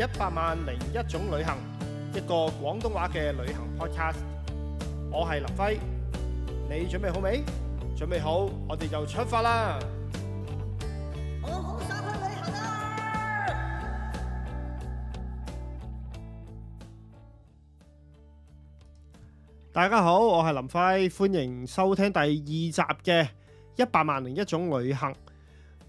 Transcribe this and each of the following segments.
一百萬零一種旅行，一個廣東話嘅旅行 Podcast。我係林輝，你準備好未？準備好，我哋就出發啦！我好想去旅行呀！大家好，我係林輝，歡迎收聽第二集嘅《一百萬零一種旅行》。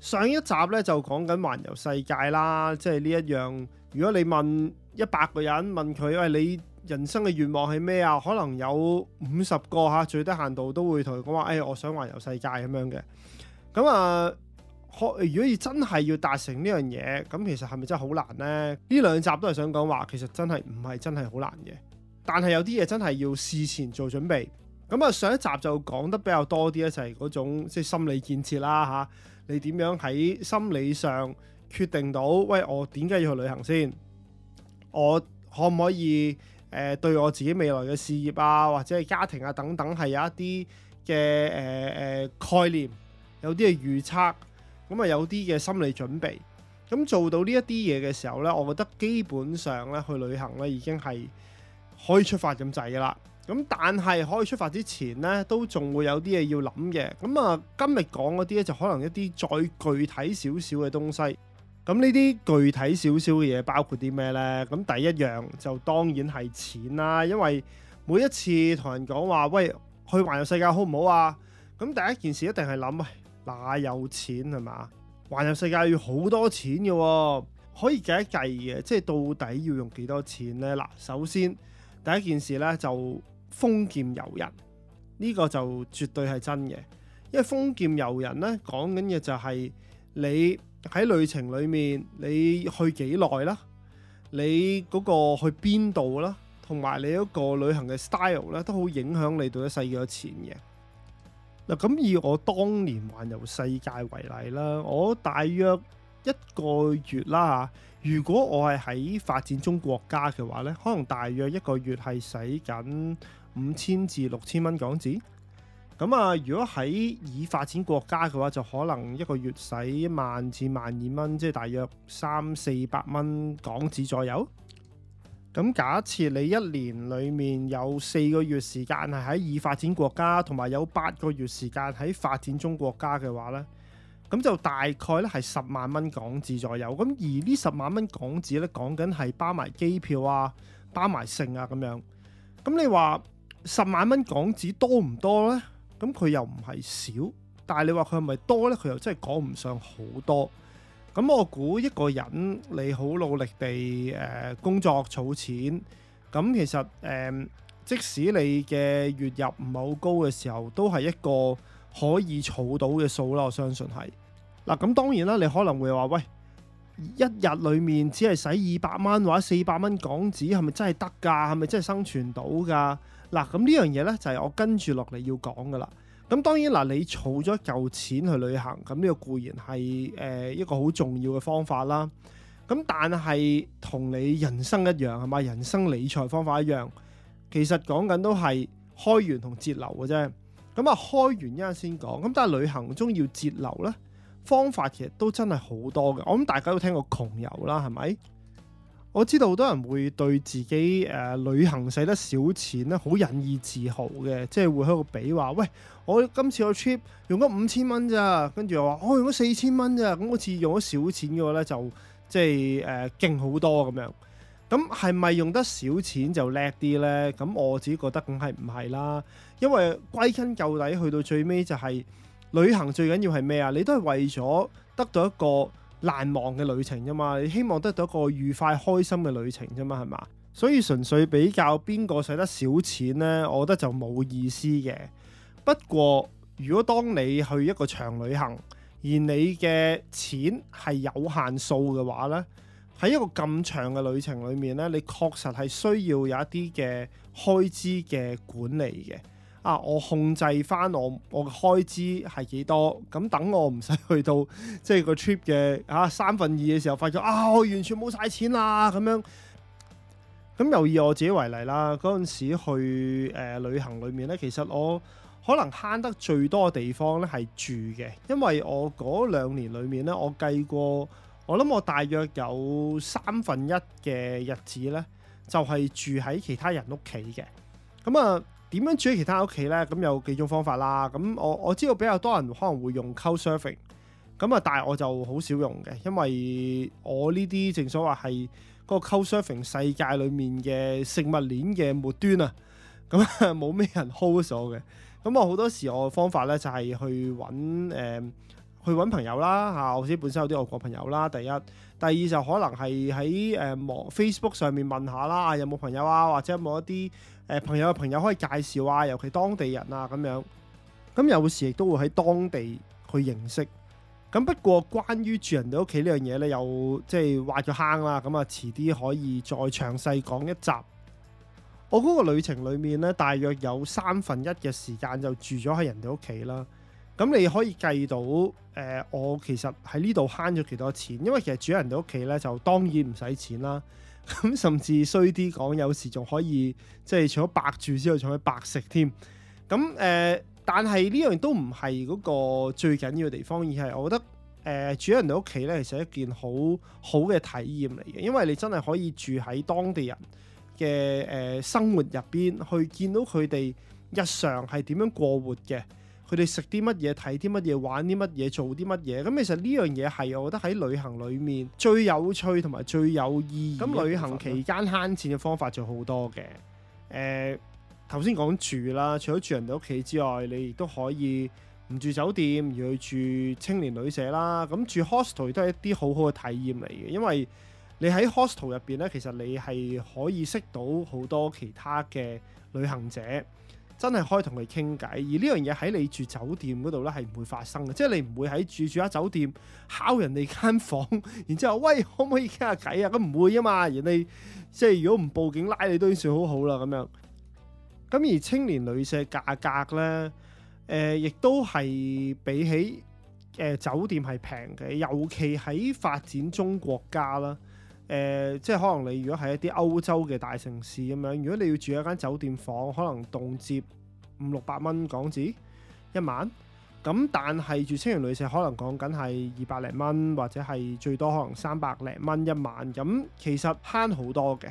上一集咧就講緊環遊世界啦，即係呢一樣。如果你問一百個人問佢，喂、哎，你人生嘅願望係咩啊？可能有五十個吓、啊、最低限度都會同佢講話，誒、哎、我想環遊世界咁樣嘅。咁、嗯、啊，如果真要真係要達成呢樣嘢，咁其實係咪真係好難呢？呢兩集都係想講話，其實真係唔係真係好難嘅，但係有啲嘢真係要事前做準備。咁啊，上一集就講得比較多啲咧，就係嗰種即係心理建設啦，吓，你點樣喺心理上決定到，喂，我點解要去旅行先？我可唔可以誒、呃，對我自己未來嘅事業啊，或者係家庭啊等等，係有一啲嘅誒誒概念，有啲嘅預測，咁、嗯、啊有啲嘅心理準備，咁、嗯、做到呢一啲嘢嘅時候呢，我覺得基本上咧去旅行呢已經係。可以出發咁滯噶啦，咁但係可以出發之前呢，都仲會有啲嘢要諗嘅。咁、嗯、啊，今日講嗰啲咧，就可能一啲再具體少少嘅東西。咁呢啲具體少少嘅嘢，包括啲咩呢？咁、嗯、第一樣就當然係錢啦，因為每一次同人講話，喂，去環遊世界好唔好啊？咁、嗯、第一件事一定係諗，哪有錢係嘛？環遊世界要好多錢嘅、哦，可以計一計嘅，即係到底要用幾多錢呢？嗱，首先。第一件事咧就豐儉由人，呢、這個就絕對係真嘅。因為豐儉由人咧講緊嘅就係、是、你喺旅程裏面你去幾耐啦，你嗰個去邊度啦，同埋你嗰個旅行嘅 style 咧，都好影響你對一世界嘅錢嘅。嗱咁以我當年環遊世界為例啦，我大約。一個月啦，如果我係喺發展中國家嘅話呢，可能大約一個月係使緊五千至六千蚊港紙。咁、嗯、啊，如果喺已發展國家嘅話，就可能一個月使一萬至萬二蚊，即係大約三四百蚊港紙左右。咁、嗯、假設你一年裡面有四個月時間係喺已發展國家，同埋有八個月時間喺發展中國家嘅話呢。咁就大概咧係十萬蚊港紙左右，咁而元元呢十萬蚊港紙咧講緊係包埋機票啊、包埋剩啊咁樣。咁你話十萬蚊港紙多唔多呢？咁佢又唔係少，但係你話佢係咪多呢？佢又真係講唔上好多。咁我估一個人你好努力地誒、呃、工作儲錢，咁其實誒、呃、即使你嘅月入唔係好高嘅時候，都係一個可以儲到嘅數啦。我相信係。嗱，咁、啊、當然啦，你可能會話：喂，一日裏面只係使二百蚊或者四百蚊港紙，係咪真係得㗎？係咪真係生存到㗎？嗱、啊，咁呢樣嘢呢，就係、是、我跟住落嚟要講㗎、啊、啦。咁當然嗱，你儲咗嚿錢去旅行，咁呢個固然係誒、呃、一個好重要嘅方法啦。咁、啊、但係同你人生一樣係嘛？人生理財方法一樣，其實講緊都係開源同節流嘅啫。咁啊，開源一陣先講，咁但係旅行中要節流呢。方法其實都真係好多嘅，我諗大家都聽過窮遊啦，係咪？我知道好多人會對自己誒、呃、旅行使得少錢咧好引以自豪嘅，即係會喺度比話，喂，我今次個 trip 用咗五千蚊咋，跟住又話我、哦、用咗四千蚊咋，咁好似用咗少錢嘅話咧，就即係誒勁好多咁樣。咁係咪用得少錢就叻啲呢？咁我自己覺得梗係唔係啦，因為歸根究底去到最尾就係、是。旅行最緊要係咩啊？你都係為咗得到一個難忘嘅旅程啫嘛，你希望得到一個愉快開心嘅旅程啫嘛，係嘛？所以純粹比較邊個使得少錢呢，我覺得就冇意思嘅。不過如果當你去一個長旅行，而你嘅錢係有限數嘅話呢，喺一個咁長嘅旅程裡面呢，你確實係需要有一啲嘅開支嘅管理嘅。啊！我控制翻我我嘅開支係幾多？咁、嗯、等我唔使去到即係個 trip 嘅啊三分二嘅時候發覺，發現啊，我完全冇晒錢啦！咁樣咁又以我自己為例啦，嗰陣時去誒、呃、旅行裏面呢，其實我可能慳得最多嘅地方呢係住嘅，因為我嗰兩年裏面呢，我計過，我諗我大約有三分一嘅日子呢，就係、是、住喺其他人屋企嘅，咁、嗯、啊～、呃點樣住喺其他屋企呢？咁有幾種方法啦。咁我我知道比較多人可能會用 couchsurfing，咁啊，但係我就好少用嘅，因為我呢啲正所謂係嗰個 couchsurfing 世界裏面嘅食物鏈嘅末端啊，咁啊，冇咩人 host 我嘅。咁我好多時我方法呢，就係、是、去揾誒。嗯去揾朋友啦嚇，我、啊、自己本身有啲外國朋友啦。第一、第二就可能係喺誒網 Facebook 上面問下啦，有冇朋友啊，或者有冇一啲誒、呃、朋友嘅朋友可以介紹啊，尤其當地人啊咁樣。咁有時亦都會喺當地去認識。咁不過關於住人哋屋企呢樣嘢呢，又即係挖咗坑啦。咁啊，遲啲可以再詳細講一集。我嗰個旅程裏面呢，大約有三分一嘅時間就住咗喺人哋屋企啦。咁你可以計到，誒、呃，我其實喺呢度慳咗幾多錢，因為其實住人哋屋企咧就當然唔使錢啦，咁、嗯、甚至衰啲講，有時仲可以即係除咗白住之外，仲可以白食添。咁、嗯、誒、呃，但係呢樣都唔係嗰個最緊要地方，而係我覺得誒住、呃、人哋屋企咧，其實一件好好嘅體驗嚟嘅，因為你真係可以住喺當地人嘅誒、呃、生活入邊，去見到佢哋日常係點樣過活嘅。佢哋食啲乜嘢，睇啲乜嘢，玩啲乜嘢，做啲乜嘢？咁其實呢樣嘢係我覺得喺旅行裡面最有趣同埋最有意義。咁旅行期間慳錢嘅方法就好多嘅。誒、呃，頭先講住啦，除咗住人哋屋企之外，你亦都可以唔住酒店而去住青年旅社啦。咁住 hostel 都係一啲好好嘅體驗嚟嘅，因為你喺 hostel 入邊咧，其實你係可以識到好多其他嘅旅行者。真係可以同佢傾偈，而呢樣嘢喺你住酒店嗰度咧係唔會發生嘅，即係你唔會喺住住下酒店敲人哋間房，然之後喂可唔可以傾下偈啊？咁唔會啊嘛，人哋即係如果唔報警拉你都已經算好好啦咁樣。咁而青年旅社價格咧，誒、呃、亦都係比起誒、呃、酒店係平嘅，尤其喺發展中國家啦。誒、呃，即係可能你如果喺一啲歐洲嘅大城市咁樣，如果你要住一間酒店房，可能動輒五六百蚊港紙一晚，咁但係住青年旅社可能講緊係二百零蚊或者係最多可能三百零蚊一晚，咁其實慳好多嘅。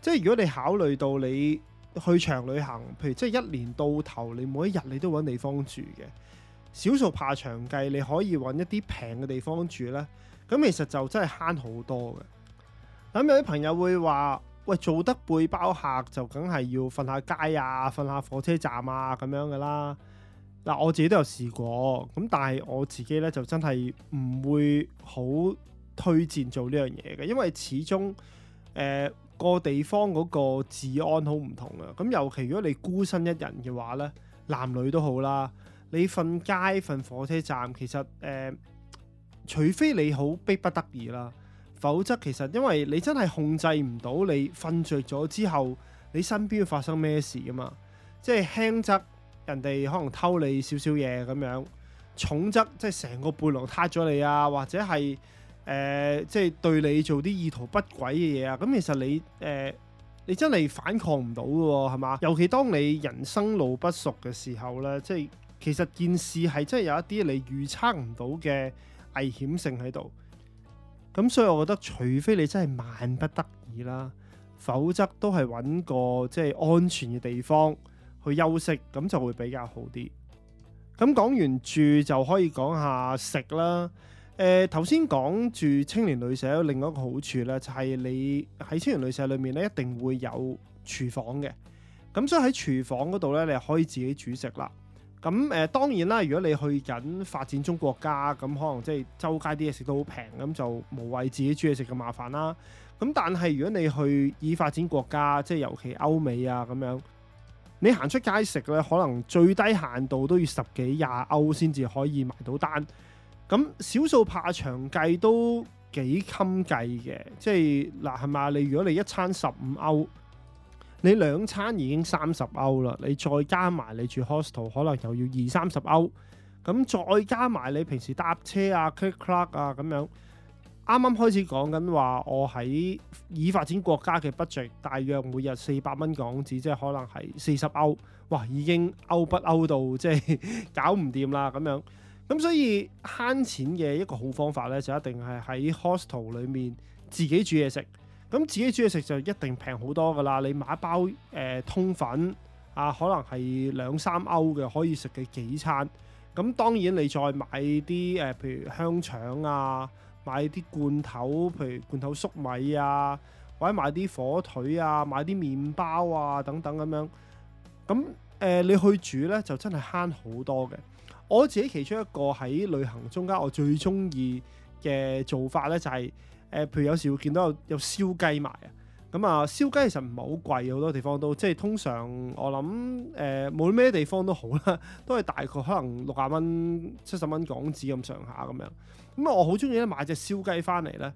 即係如果你考慮到你去長旅行，譬如即係一年到頭你每一日你都揾地方住嘅，少數怕長計，你可以揾一啲平嘅地方住呢。咁其實就真係慳好多嘅。咁、嗯、有啲朋友會話：喂，做得背包客就梗係要瞓下街啊，瞓下火車站啊，咁樣㗎啦。嗱、啊，我自己都有試過，咁、嗯、但係我自己咧就真係唔會好推薦做呢樣嘢嘅，因為始終誒、呃、個地方嗰個治安好唔同啊。咁、嗯、尤其如果你孤身一人嘅話咧，男女都好啦，你瞓街、瞓火車站，其實誒、呃，除非你好逼不得已啦。否則，其實因為你真係控制唔到你瞓着咗之後，你身邊發生咩事噶嘛？即係輕則人哋可能偷你少少嘢咁樣，重則即係成個背囊撻咗你啊，或者係誒即係對你做啲意圖不軌嘅嘢啊。咁、嗯、其實你誒、呃、你真係反抗唔到嘅喎，係嘛？尤其當你人生路不熟嘅時候咧，即係其實件事係真係有一啲你預測唔到嘅危險性喺度。咁所以，我覺得除非你真係萬不得已啦，否則都係揾個即係安全嘅地方去休息，咁就會比較好啲。咁講完住就可以講下食啦。誒頭先講住青年旅舍另一個好處咧，就係你喺青年旅舍裏面咧，一定會有廚房嘅。咁所以喺廚房嗰度咧，你可以自己煮食啦。咁誒、呃、當然啦，如果你去緊發展中國家，咁、嗯、可能即係周街啲嘢食都好平，咁就無謂自己煮嘢食咁麻煩啦。咁、嗯、但係如果你去已發展國家，即係尤其歐美啊咁樣，你行出街食咧，可能最低限度都要十幾廿歐先至可以埋到單。咁、嗯、少數怕長計都幾襟計嘅，即係嗱係咪？你如果你一餐十五歐。你兩餐已經三十歐啦，你再加埋你住 hostel 可能又要二三十歐，咁再加埋你平時搭車啊、kick club 啊咁樣，啱啱開始講緊話我喺已發展國家嘅 budget，大約每日四百蚊港紙，即係可能係四十歐，哇，已經歐不歐到即係搞唔掂啦咁樣，咁所以慳錢嘅一個好方法咧，就一定係喺 hostel 裏面自己煮嘢食。咁自己煮嘢食就一定平好多噶啦！你買包誒、呃、通粉啊，可能係兩三歐嘅可以食嘅幾餐。咁當然你再買啲誒、呃，譬如香腸啊，買啲罐頭，譬如罐頭粟米啊，或者買啲火腿啊，買啲麵包啊等等咁樣。咁誒、呃，你去煮呢，就真係慳好多嘅。我自己其中一個喺旅行中間，我最鍾意嘅做法咧就係、是、誒、呃，譬如有時會見到有有燒雞賣啊，咁、嗯、啊燒雞其實唔係好貴，好多地方都即係通常我諗誒，冇、呃、咩地方都好啦，都係大概可能六廿蚊、七十蚊港紙咁上下咁樣。咁、嗯、啊、嗯，我好中意咧買隻燒雞返嚟咧，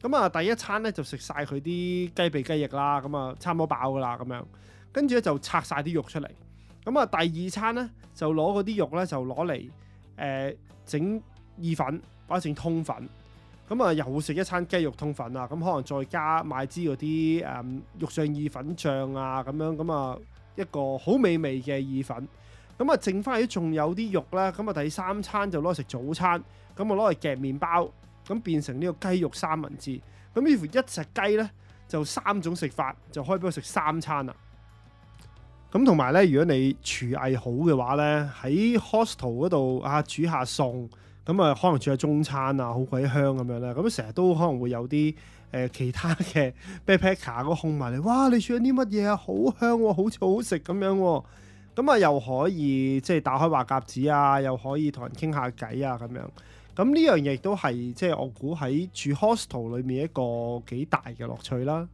咁、嗯、啊、嗯、第一餐咧就食晒佢啲雞髀雞翼啦，咁、嗯、啊、嗯、差唔多飽噶啦咁樣，跟住咧就拆晒啲肉出嚟，咁、嗯、啊、嗯、第二餐咧就攞嗰啲肉咧就攞嚟誒整意粉。一整通粉，咁啊又食一餐雞肉通粉啊，咁可能再加買支嗰啲誒肉醬意粉醬啊，咁樣咁啊一個好美味嘅意粉，咁啊剩翻，起仲有啲肉啦。咁啊第三餐就攞嚟食早餐，咁啊攞嚟夾麵包，咁變成呢個雞肉三文治，咁幾乎一隻雞呢，就三種食法，就可以俾佢食三餐啦。咁同埋呢，如果你廚藝好嘅話呢，喺 hostel 嗰度啊煮下餸。咁啊，可能住喺中餐啊，好鬼香咁樣咧。咁成日都可能會有啲誒、呃、其他嘅背包客嗰控埋嚟，哇！你住喺啲乜嘢啊？好香、喎，好似好好食咁樣、喎。咁啊，又可以即係、就是、打開話夾子啊，又可以同人傾下偈啊咁樣。咁、啊、呢樣嘢都係即係我估喺住 hostel 裏面一個幾大嘅樂趣啦。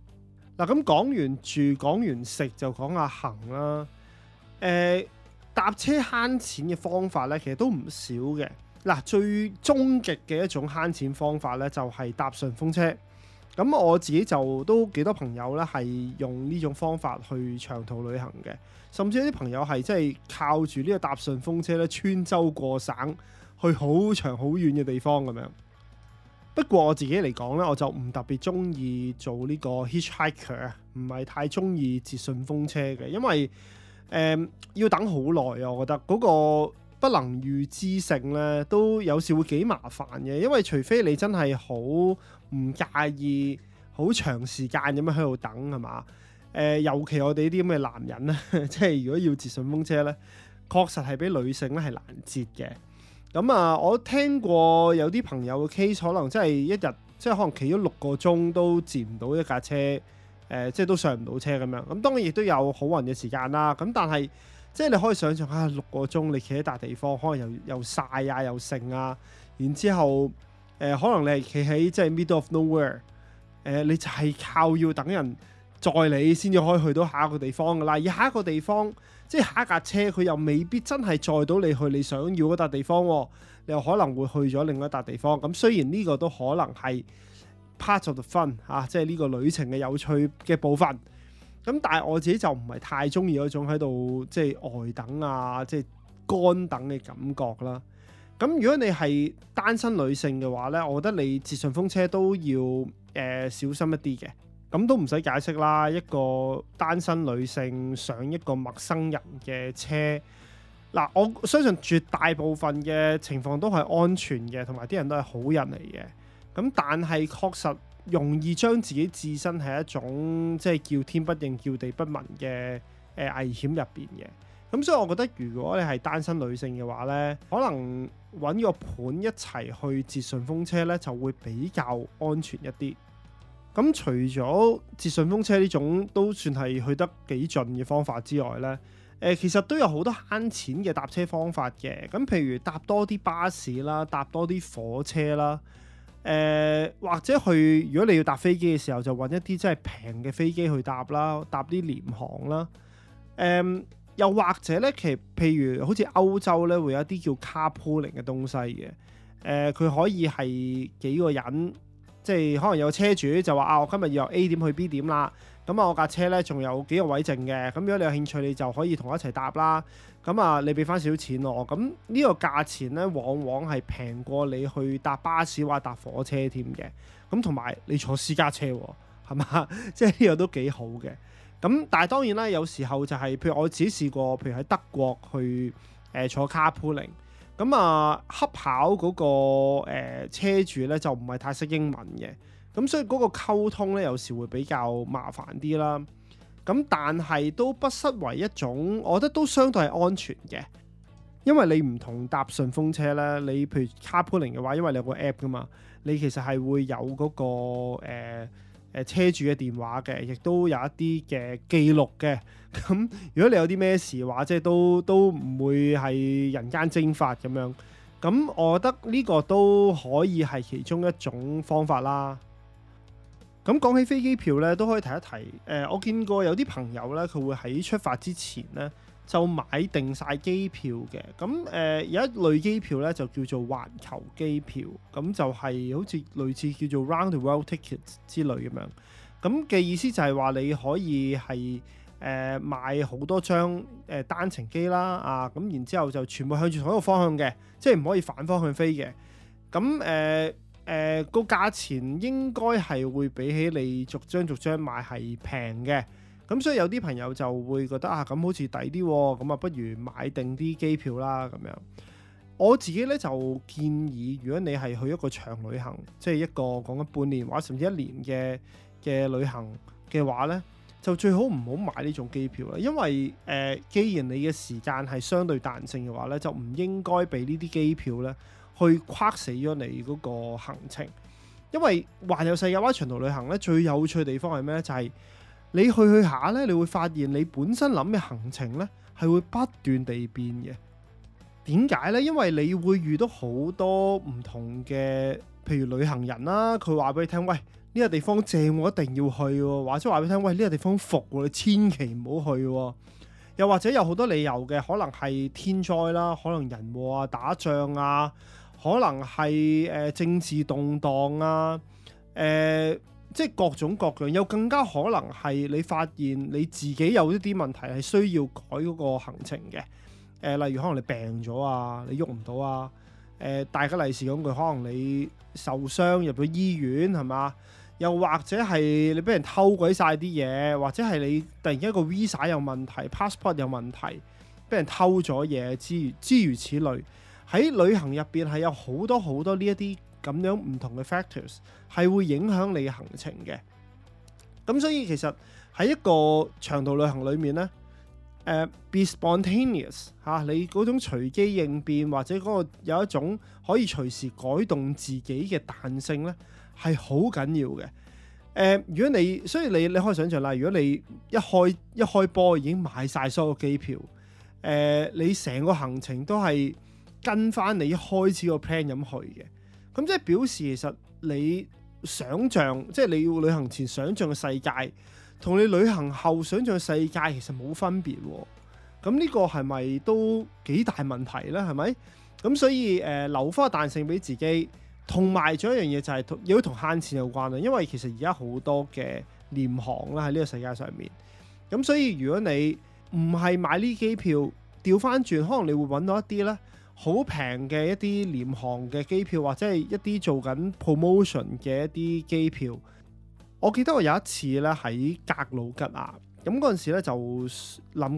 嗱、啊，咁講完住，講完食就講下行啦。誒、啊，搭車慳錢嘅方法咧，其實都唔少嘅。嗱，最終極嘅一種慳錢方法咧，就係、是、搭順風車。咁我自己就都幾多朋友咧，係用呢種方法去長途旅行嘅。甚至有啲朋友係即係靠住呢個搭順風車咧，穿州過省去好長好遠嘅地方咁樣。不過我自己嚟講咧，我就唔特別中意做呢個 hitchhiker 啊，唔係太中意接順風車嘅，因為誒、嗯、要等好耐啊，我覺得嗰、那個。不能預知性咧，都有時會幾麻煩嘅，因為除非你真係好唔介意，好長時間咁樣喺度等係嘛？誒、呃，尤其我哋呢啲咁嘅男人咧，即係如果要截順風車咧，確實係比女性咧係難截嘅。咁、嗯、啊、呃，我聽過有啲朋友嘅 case 可能真係一日，即、就、係、是、可能企咗六個鐘都截唔到一架車，誒、呃，即係都上唔到車咁樣。咁、嗯、當然亦都有好運嘅時間啦。咁、嗯、但係。即係你可以想象下、啊，六個鐘你企喺一笪地方，可能又又曬啊，又剩啊，然之後誒、呃，可能你係企喺即係 middle of nowhere，誒、呃，你就係靠要等人載你先至可以去到下一個地方噶啦。而下一個地方，即係下一架車，佢又未必真係載到你去你想要嗰笪地方、哦，你又可能會去咗另一笪地方。咁雖然呢個都可能係 part of the fun 嚇、啊，即係呢個旅程嘅有趣嘅部分。咁、嗯、但係我自己就唔係太中意嗰種喺度即係呆等啊，即係乾等嘅感覺啦。咁、嗯、如果你係單身女性嘅話呢，我覺得你接順風車都要誒、呃、小心一啲嘅。咁、嗯、都唔使解釋啦，一個單身女性上一個陌生人嘅車，嗱、嗯、我相信絕大部分嘅情況都係安全嘅，同埋啲人都係好人嚟嘅。咁、嗯、但係確實。容易將自己置身喺一種即係叫天不應叫地不聞嘅誒、呃、危險入邊嘅，咁所以我覺得如果你係單身女性嘅話呢，可能揾個伴一齊去接順風車呢，就會比較安全一啲。咁除咗接順風車呢種都算係去得幾盡嘅方法之外呢誒、呃、其實都有好多慳錢嘅搭車方法嘅，咁譬如搭多啲巴士啦，搭多啲火車啦。誒、呃、或者去，如果你要搭飛機嘅時候，就揾一啲真係平嘅飛機去搭啦，搭啲廉航啦。誒、呃、又或者呢，其實譬如好似歐洲呢，會有一啲叫 carpooling 嘅東西嘅。佢、呃、可以係幾個人，即係可能有車主就話啊，我今日要由 A 點去 B 點啦。咁啊、嗯，我架車咧仲有幾個位剩嘅，咁、嗯、如果你有興趣，你就可以同我一齊搭啦。咁、嗯、啊，你俾翻少少錢我，咁、嗯、呢、這個價錢咧往往係平過你去搭巴士或者搭火車添嘅。咁同埋你坐私家車、哦，係嘛？即係呢個都幾好嘅。咁、嗯、但係當然啦，有時候就係、是、譬如我自己試過，譬如喺德國去誒、呃、坐 carpooling，咁啊恰巧嗰個誒、呃、車主咧就唔係太識英文嘅。咁、嗯、所以嗰個溝通咧，有時會比較麻煩啲啦。咁、嗯、但係都不失為一種，我覺得都相對係安全嘅，因為你唔同搭順風車咧，你譬如 carpooling 嘅話，因為你有個 app 噶嘛，你其實係會有嗰、那個誒誒、呃、車主嘅電話嘅，亦都有一啲嘅記錄嘅。咁、嗯、如果你有啲咩事話，即係都都唔會係人間蒸發咁樣。咁、嗯、我覺得呢個都可以係其中一種方法啦。咁講起飛機票咧，都可以提一提。誒、呃，我見過有啲朋友咧，佢會喺出發之前咧就買定晒機票嘅。咁、嗯、誒、呃、有一類機票咧就叫做環球機票，咁、嗯、就係好似類似叫做 round the world ticket 之類咁樣。咁、嗯、嘅意思就係話你可以係誒、呃、買好多張誒、呃、單程機啦，啊咁、嗯、然之後就全部向住同一個方向嘅，即係唔可以反方向飛嘅。咁、嗯、誒、呃誒、呃，那個價錢應該係會比起你逐張逐張買係平嘅，咁所以有啲朋友就會覺得啊，咁好似抵啲，咁啊不如買定啲機票啦咁樣。我自己咧就建議，如果你係去一個長旅行，即係一個講緊半年或者甚至一年嘅嘅旅行嘅話呢，就最好唔好買呢種機票啦，因為誒、呃，既然你嘅時間係相對彈性嘅話呢，就唔應該俾呢啲機票呢。去框死咗你嗰個行程，因為環遊世界或者長途旅行咧，最有趣地方係咩咧？就係、是、你去去下咧，你會發現你本身諗嘅行程咧，係會不斷地變嘅。點解咧？因為你會遇到好多唔同嘅，譬如旅行人啦、啊，佢話俾你聽，喂呢、這個地方正，我一定要去、啊，或者話俾你聽，喂呢、這個地方服、啊，你千祈唔好去、啊。又或者有好多理由嘅，可能係天災啦，可能人禍啊、打仗啊。可能係誒、呃、政治動盪啊，誒、呃、即係各種各樣，又更加可能係你發現你自己有啲啲問題係需要改嗰個行程嘅。誒、呃、例如可能你病咗啊，你喐唔到啊。誒、呃、大吉利是講句，可能你受傷入咗醫院係嘛？又或者係你俾人偷鬼晒啲嘢，或者係你突然間個 visa 有問題，passport 有問題，俾人偷咗嘢之之如此類。喺旅行入邊係有好多好多呢一啲咁樣唔同嘅 factors，係會影響你嘅行程嘅。咁所以其實喺一個長途旅行裏面咧，誒、呃、be spontaneous 嚇、啊，你嗰種隨機應變或者嗰個有一種可以隨時改動自己嘅彈性咧，係好緊要嘅。誒、呃，如果你所以你你可以想象啦，如果你一開一開波已經買晒所有機票，誒、呃，你成個行程都係。跟翻你一開始個 plan 咁去嘅，咁即係表示其實你想象，即係你要旅行前想象嘅世界，同你旅行後想象嘅世界其實冇分別，哦。咁呢個係咪都幾大問題呢？係咪？咁所以誒、呃，留翻個彈性俾自己，同埋仲有一樣嘢就係要同慳錢有關啦。因為其實而家好多嘅廉航啦喺呢個世界上面，咁所以如果你唔係買呢機票，調翻轉，可能你會揾到一啲呢。好平嘅一啲廉航嘅機票，或者係一啲做緊 promotion 嘅一啲機票。我記得我有一次咧喺格魯吉亞，咁嗰陣時咧就諗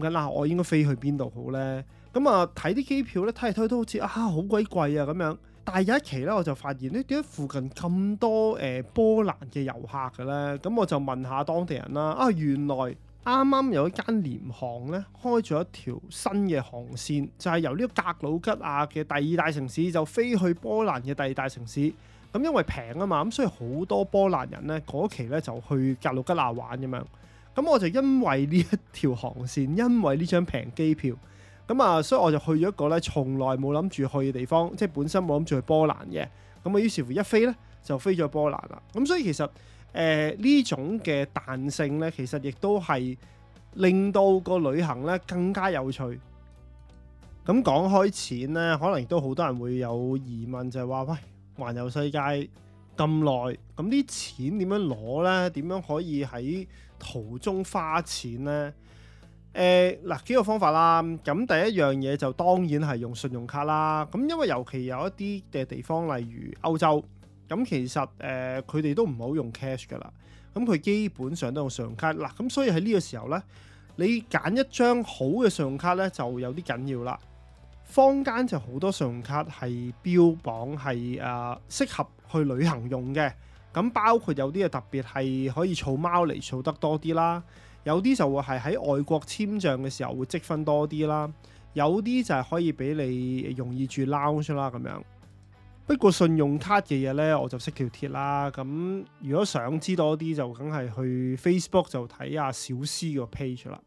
緊啦，我應該飛去邊度好咧？咁啊睇啲機票咧，睇嚟睇去都好似啊好鬼貴啊咁樣。但係有一期咧，我就發現、欸呃、呢，點解附近咁多誒波蘭嘅遊客嘅咧？咁我就問下當地人啦，啊原來，啱啱有一間廉航咧開咗一條新嘅航線，就係由呢個格魯吉亞嘅第二大城市就飛去波蘭嘅第二大城市。咁因為平啊嘛，咁所以好多波蘭人咧嗰期咧就去格魯吉亞玩咁樣。咁我就因為呢一條航線，因為呢張平機票，咁啊，所以我就去咗一個咧從來冇諗住去嘅地方，即係本身冇諗住去波蘭嘅。咁啊，於是乎一飛咧就飛咗去波蘭啦。咁所以其實～誒呢、呃、種嘅彈性呢，其實亦都係令到個旅行呢更加有趣。咁講開錢呢，可能亦都好多人會有疑問，就係話：喂，環遊世界咁耐，咁啲錢點樣攞呢？點樣可以喺途中花錢呢？」誒嗱，幾個方法啦。咁第一樣嘢就當然係用信用卡啦。咁因為尤其有一啲嘅地方，例如歐洲。咁其實誒，佢、呃、哋都唔好用 cash 㗎啦。咁佢基本上都用信用卡嗱，咁所以喺呢個時候呢，你揀一張好嘅信用卡呢，就有啲緊要啦。坊間就好多信用卡係標榜係啊、呃、適合去旅行用嘅，咁包括有啲啊特別係可以儲貓嚟儲得多啲啦，有啲就會係喺外國簽賬嘅時候會積分多啲啦，有啲就係可以俾你容易住 lounge 啦咁樣。不過信用卡嘅嘢呢，我就識條鐵啦。咁如果想知多啲，就梗係去 Facebook 就睇下小 C 個 page 啦。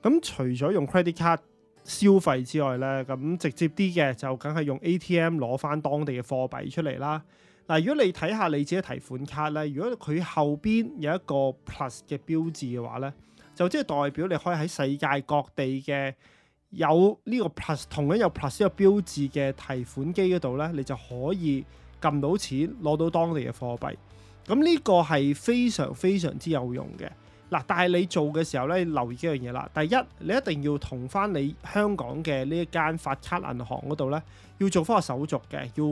咁除咗用 credit card 消費之外呢，咁直接啲嘅就梗係用 ATM 攞翻當地嘅貨幣出嚟啦。嗱，如果你睇下你自己提款卡呢，如果佢後邊有一個 plus 嘅標誌嘅話呢，就即係代表你可以喺世界各地嘅。有呢個 plus 同樣有 plus 呢個標誌嘅提款機嗰度呢，你就可以撳到錢，攞到當地嘅貨幣。咁、這、呢個係非常非常之有用嘅。嗱，但係你做嘅時候呢，你留意幾樣嘢啦。第一，你一定要同翻你香港嘅呢間發卡銀行嗰度呢，要做翻個手續嘅，要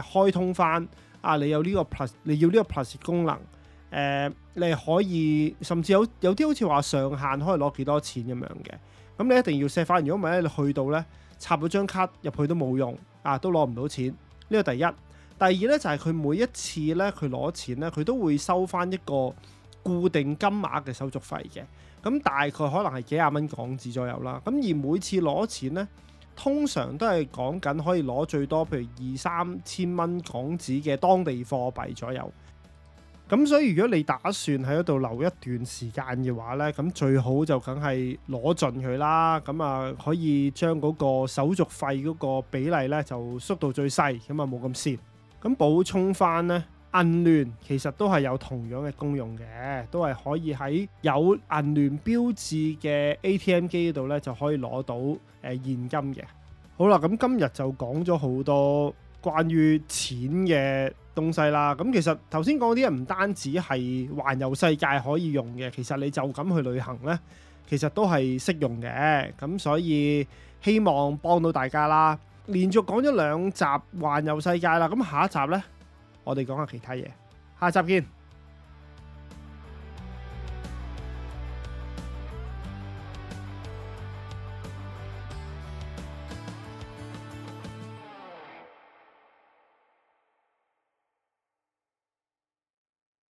誒開通翻啊。你有呢個 plus 你要呢個 plus 功能。誒、呃，你可以甚至有有啲好似話上限可以攞幾多錢咁樣嘅，咁你一定要 set 翻，如果唔係咧，你去到咧插咗張卡入去都冇用，啊，都攞唔到錢。呢個第一，第二呢，就係、是、佢每一次呢，佢攞錢呢，佢都會收翻一個固定金額嘅手續費嘅，咁大概可能係幾廿蚊港紙左右啦。咁而每次攞錢呢，通常都係講緊可以攞最多譬如二三千蚊港紙嘅當地貨幣左右。咁所以如果你打算喺度留一段時間嘅話呢，咁最好就梗係攞盡佢啦。咁啊，可以將嗰個手續費嗰個比例呢就縮到最細，咁啊，冇咁蝕。咁補充翻呢，銀聯其實都係有同樣嘅功用嘅，都係可以喺有銀聯標誌嘅 ATM 機度呢就可以攞到誒現金嘅。好啦，咁今日就講咗好多關於錢嘅。東西啦，咁其實頭先講啲嘢唔單止係環遊世界可以用嘅，其實你就咁去旅行呢，其實都係適用嘅。咁所以希望幫到大家啦。連續講咗兩集環遊世界啦，咁下一集呢，我哋講下其他嘢。下集見。